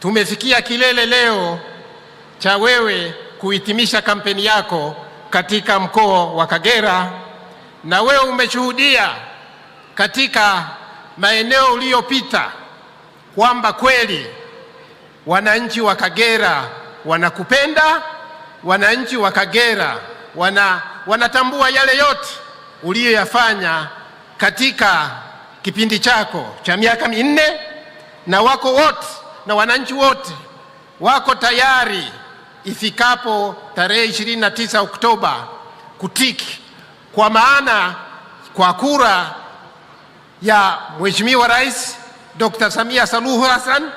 Tumefikia kilele leo cha wewe kuhitimisha kampeni yako katika mkoa wa Kagera, na wewe umeshuhudia katika maeneo uliyopita kwamba kweli wananchi wa Kagera wanakupenda, wananchi wa Kagera wana, wanatambua yale yote uliyoyafanya katika kipindi chako cha miaka minne na wako wote na wananchi wote wako tayari ifikapo tarehe 29 Oktoba kutiki, kwa maana kwa kura ya Mheshimiwa Rais Dr. Samia Suluhu Hassan.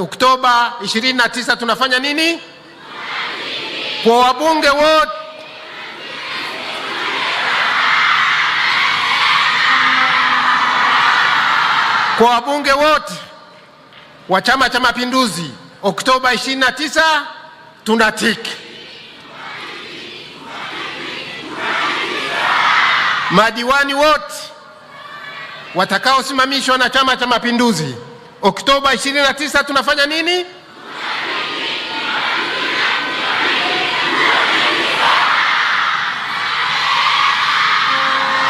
Oktoba 29 tunafanya nini? Kwa wabunge wote kwa wabunge wote wa Chama cha Mapinduzi Oktoba 29 tunatiki madiwani wote watakaosimamishwa na Chama cha Mapinduzi Oktoba 29 tunafanya nini?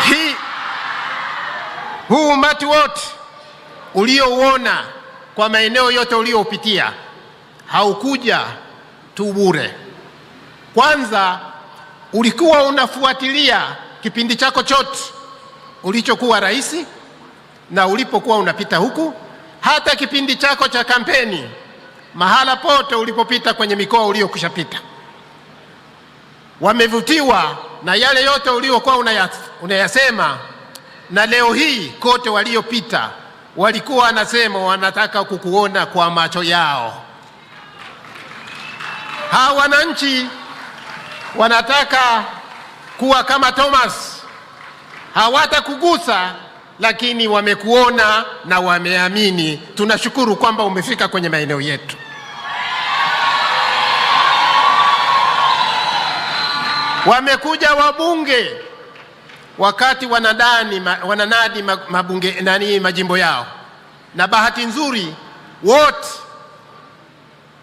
Hii huu umati wote uliouona kwa maeneo yote uliyopitia, haukuja tu bure. Kwanza ulikuwa unafuatilia kipindi chako chote ulichokuwa rais na ulipokuwa unapita huku, hata kipindi chako cha kampeni, mahala pote ulipopita kwenye mikoa uliyokushapita, wamevutiwa na yale yote uliokuwa unayasema, na leo hii kote waliopita walikuwa wanasema wanataka kukuona kwa macho yao. Hawa wananchi wanataka kuwa kama Thomas, hawatakugusa lakini wamekuona na wameamini. Tunashukuru kwamba umefika kwenye maeneo yetu. Wamekuja wabunge wakati wanadani, wananadi mabunge nani majimbo yao, na bahati nzuri wote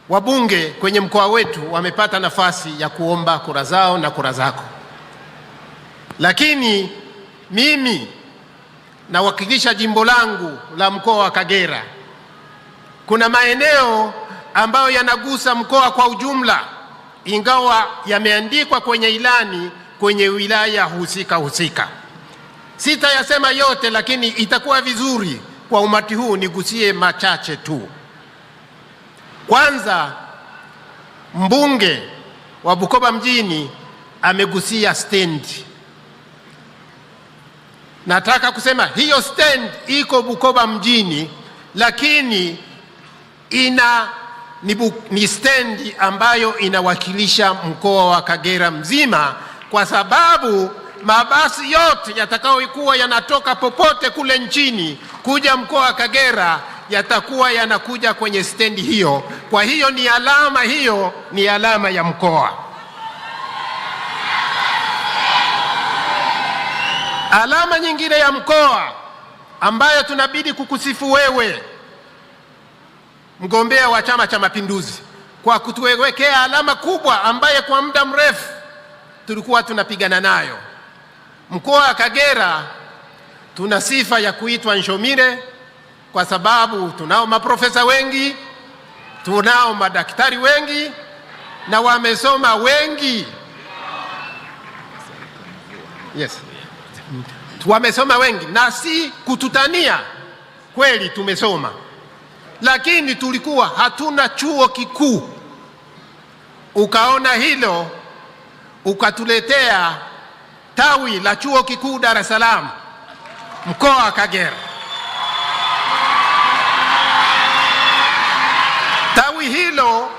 wabunge kwenye mkoa wetu wamepata nafasi ya kuomba kura zao na kura zako, lakini mimi nawakilisha jimbo langu la mkoa wa Kagera. Kuna maeneo ambayo yanagusa mkoa kwa ujumla, ingawa yameandikwa kwenye ilani kwenye wilaya husika husika. Sitayasema yote, lakini itakuwa vizuri kwa umati huu nigusie machache tu. Kwanza, mbunge wa Bukoba mjini amegusia stendi. Nataka kusema hiyo stendi iko Bukoba mjini, lakini ina ni, bu, ni stendi ambayo inawakilisha mkoa wa Kagera mzima kwa sababu mabasi yote yatakayokuwa yanatoka popote kule nchini kuja mkoa wa Kagera yatakuwa yanakuja kwenye stendi hiyo. Kwa hiyo ni alama hiyo, ni alama ya mkoa. Alama nyingine ya mkoa ambayo tunabidi kukusifu wewe, mgombea wa Chama cha Mapinduzi, kwa kutuwekea alama kubwa ambaye kwa muda mrefu tulikuwa tunapigana nayo. Mkoa wa Kagera tuna sifa ya kuitwa Njomire kwa sababu tunao maprofesa wengi, tunao madaktari wengi na wamesoma wengi. Yes, wamesoma wengi na si kututania, kweli tumesoma, lakini tulikuwa hatuna chuo kikuu. Ukaona hilo ukatuletea tawi la chuo kikuu Dar es Salaam mkoa wa Kagera. Tawi hilo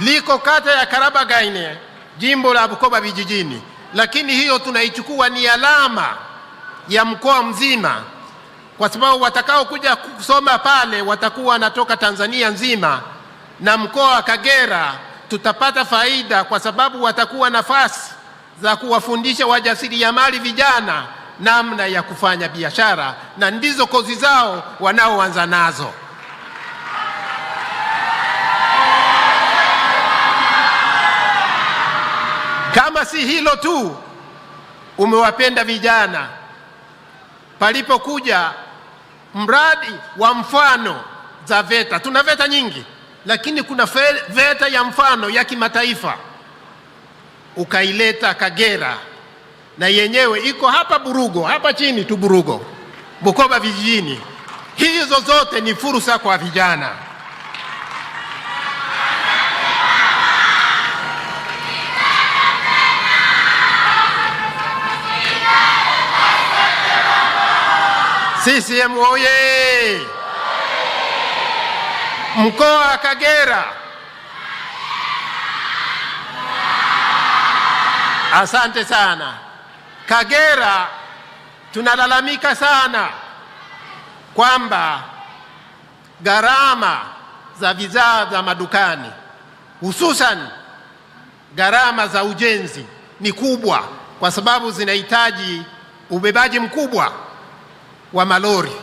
liko kata ya Karabagaine, jimbo la Bukoba vijijini, lakini hiyo tunaichukua ni alama ya mkoa mzima, kwa sababu watakaokuja kusoma pale watakuwa wanatoka Tanzania nzima na mkoa wa Kagera tutapata faida, kwa sababu watakuwa nafasi za kuwafundisha wajasiriamali vijana namna ya kufanya biashara, na ndizo kozi zao wanaoanza nazo. Kama si hilo tu, umewapenda vijana palipokuja mradi wa mfano za VETA. Tuna VETA nyingi lakini kuna VETA ya mfano ya kimataifa ukaileta Kagera, na yenyewe iko hapa Burugo, hapa chini tu Burugo, Bukoba vijijini. Hizo zote ni fursa kwa vijana. CCM oye! mkoa wa Kagera. Asante sana. Kagera tunalalamika sana kwamba gharama za bidhaa za madukani hususan gharama za ujenzi ni kubwa, kwa sababu zinahitaji ubebaji mkubwa wa malori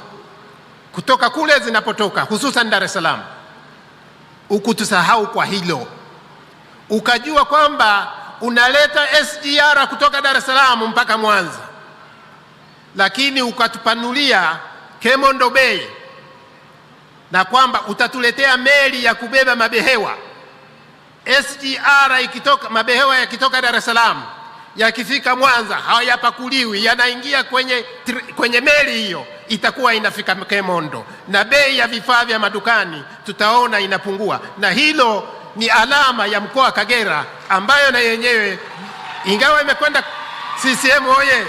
kutoka kule zinapotoka, hususan Dar es Salaam ukutusahau kwa hilo, ukajua kwamba unaleta SGR kutoka Dar es Salaam mpaka Mwanza, lakini ukatupanulia Kemondo Bay na kwamba utatuletea meli ya kubeba mabehewa SGR ikitoka mabehewa yakitoka Dar es Salaam yakifika Mwanza hawayapakuliwi, yanaingia kwenye, kwenye meli hiyo itakuwa inafika Kemondo, na bei ya vifaa vya madukani tutaona inapungua, na hilo ni alama ya mkoa Kagera, ambayo na yenyewe ingawa imekwenda CCM oye,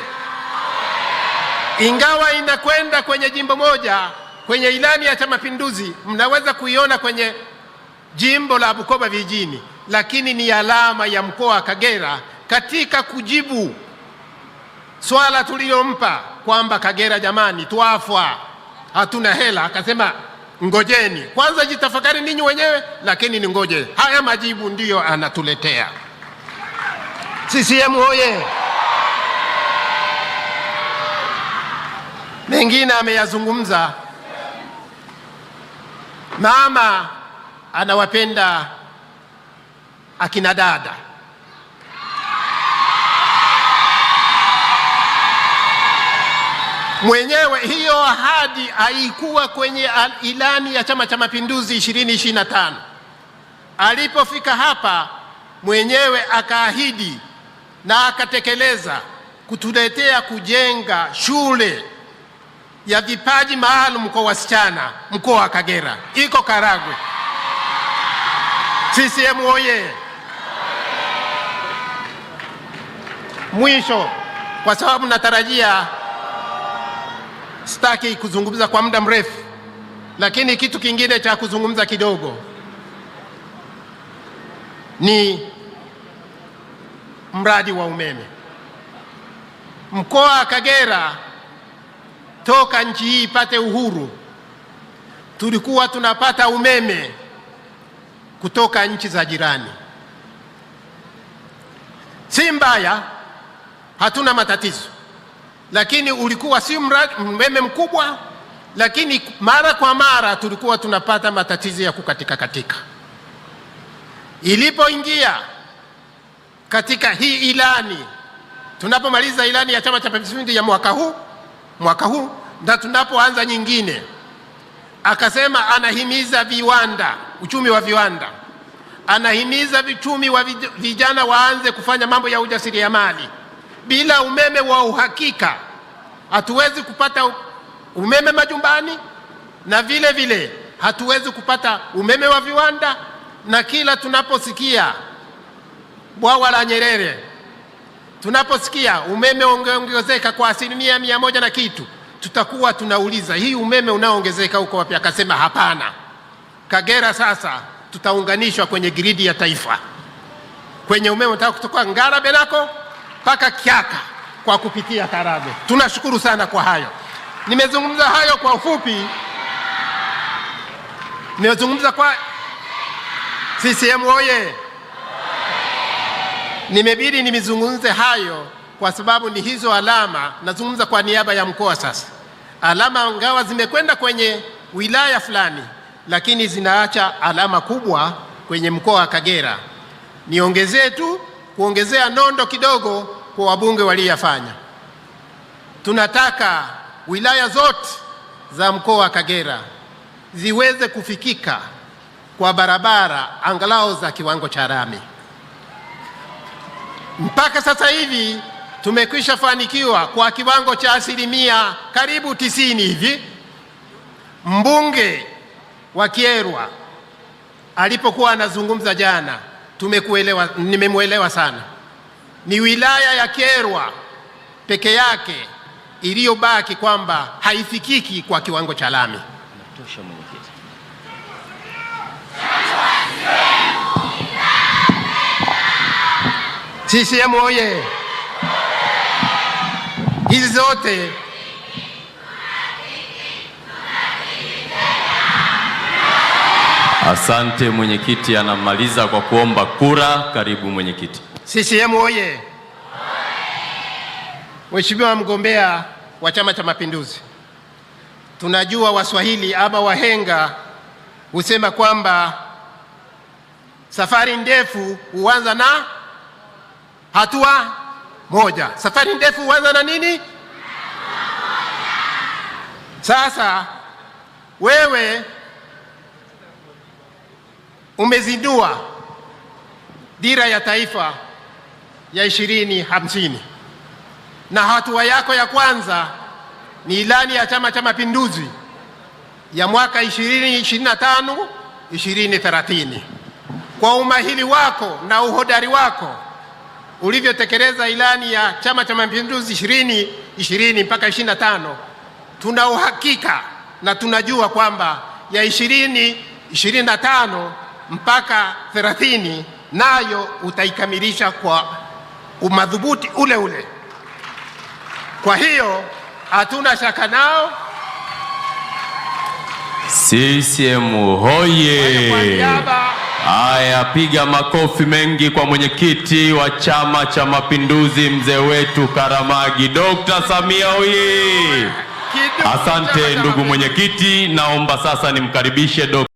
ingawa inakwenda kwenye jimbo moja kwenye ilani ya Chama Pinduzi, mnaweza kuiona kwenye jimbo la Bukoba vijijini, lakini ni alama ya mkoa wa Kagera katika kujibu swala tulilompa kwamba Kagera jamani, twafwa hatuna hela, akasema ngojeni kwanza, jitafakari ninyi wenyewe, lakini ni ngoje. Haya majibu ndiyo anatuletea CCM hoye. Mengine ameyazungumza mama, anawapenda akina dada mwenyewe. Hiyo ahadi haikuwa kwenye ilani ya Chama cha Mapinduzi 2025. Alipofika hapa mwenyewe akaahidi na akatekeleza kutuletea kujenga shule ya vipaji maalum kwa wasichana mkoa wa Kagera, iko Karagwe. CCM oye! Mwisho, kwa sababu natarajia sitaki kuzungumza kwa muda mrefu, lakini kitu kingine cha kuzungumza kidogo ni mradi wa umeme. Mkoa wa Kagera toka nchi hii ipate uhuru, tulikuwa tunapata umeme kutoka nchi za jirani. Si mbaya, hatuna matatizo lakini ulikuwa si umeme mkubwa, lakini mara kwa mara tulikuwa tunapata matatizo ya kukatika katika. Ilipoingia katika hii ilani, tunapomaliza ilani ya Chama cha Mapinduzi ya mwaka huu mwaka huu na tunapoanza nyingine, akasema anahimiza viwanda, uchumi wa viwanda, anahimiza vichumi wa vijana waanze kufanya mambo ya ujasiriamali. Bila umeme wa uhakika hatuwezi kupata umeme majumbani, na vile vile hatuwezi kupata umeme wa viwanda, na kila tunaposikia bwawa la Nyerere, tunaposikia umeme ungeongezeka kwa asilimia mia moja na kitu, tutakuwa tunauliza hii umeme unaoongezeka huko wapi? Akasema hapana, Kagera sasa tutaunganishwa kwenye gridi ya taifa, kwenye umeme utaka Ngara Benako mpaka Kyaka kwa kupitia Karagwe. Tunashukuru sana kwa hayo. Nimezungumza hayo kwa ufupi, nimezungumza kwa CCM oye. Nimebidi nimezungumze hayo kwa sababu ni hizo alama. Nazungumza kwa niaba ya mkoa sasa. Alama ngawa zimekwenda kwenye wilaya fulani, lakini zinaacha alama kubwa kwenye mkoa wa Kagera. Niongezee tu kuongezea nondo kidogo kwa wabunge waliyafanya. Tunataka wilaya zote za mkoa wa Kagera ziweze kufikika kwa barabara angalau za kiwango cha rami. Mpaka sasa hivi tumekwisha fanikiwa kwa kiwango cha asilimia karibu tisini hivi. Mbunge wa Kyerwa alipokuwa anazungumza jana Tumekuelewa, nimemwelewa sana. Ni wilaya ya Kyerwa peke yake iliyobaki kwamba haifikiki kwa kiwango cha lami. CCM oye! Hizi zote Asante mwenyekiti, anamaliza kwa kuomba kura. Karibu mwenyekiti. CCM oye! Mheshimiwa mgombea wa Chama cha Mapinduzi, tunajua Waswahili ama wahenga husema kwamba safari ndefu huanza na hatua moja. Safari ndefu huanza na nini? Sasa wewe umezindua dira ya taifa ya ishirini hamsini na hatua yako ya kwanza ni ilani ya Chama cha Mapinduzi ya mwaka 2025 2030. Kwa umahili wako na uhodari wako ulivyotekeleza ilani ya Chama cha Mapinduzi ishirini 20 mpaka 25, tuna uhakika na tunajua kwamba ya 20 25 mpaka 30 nayo utaikamilisha kwa umadhubuti ule ule. Kwa hiyo hatuna shaka nao. CCM hoye! aya piga makofi mengi kwa mwenyekiti wa Chama cha Mapinduzi mzee wetu Karamagi, Dr. Samia hoye! Asante ndugu mwenyekiti, naomba sasa nimkaribishe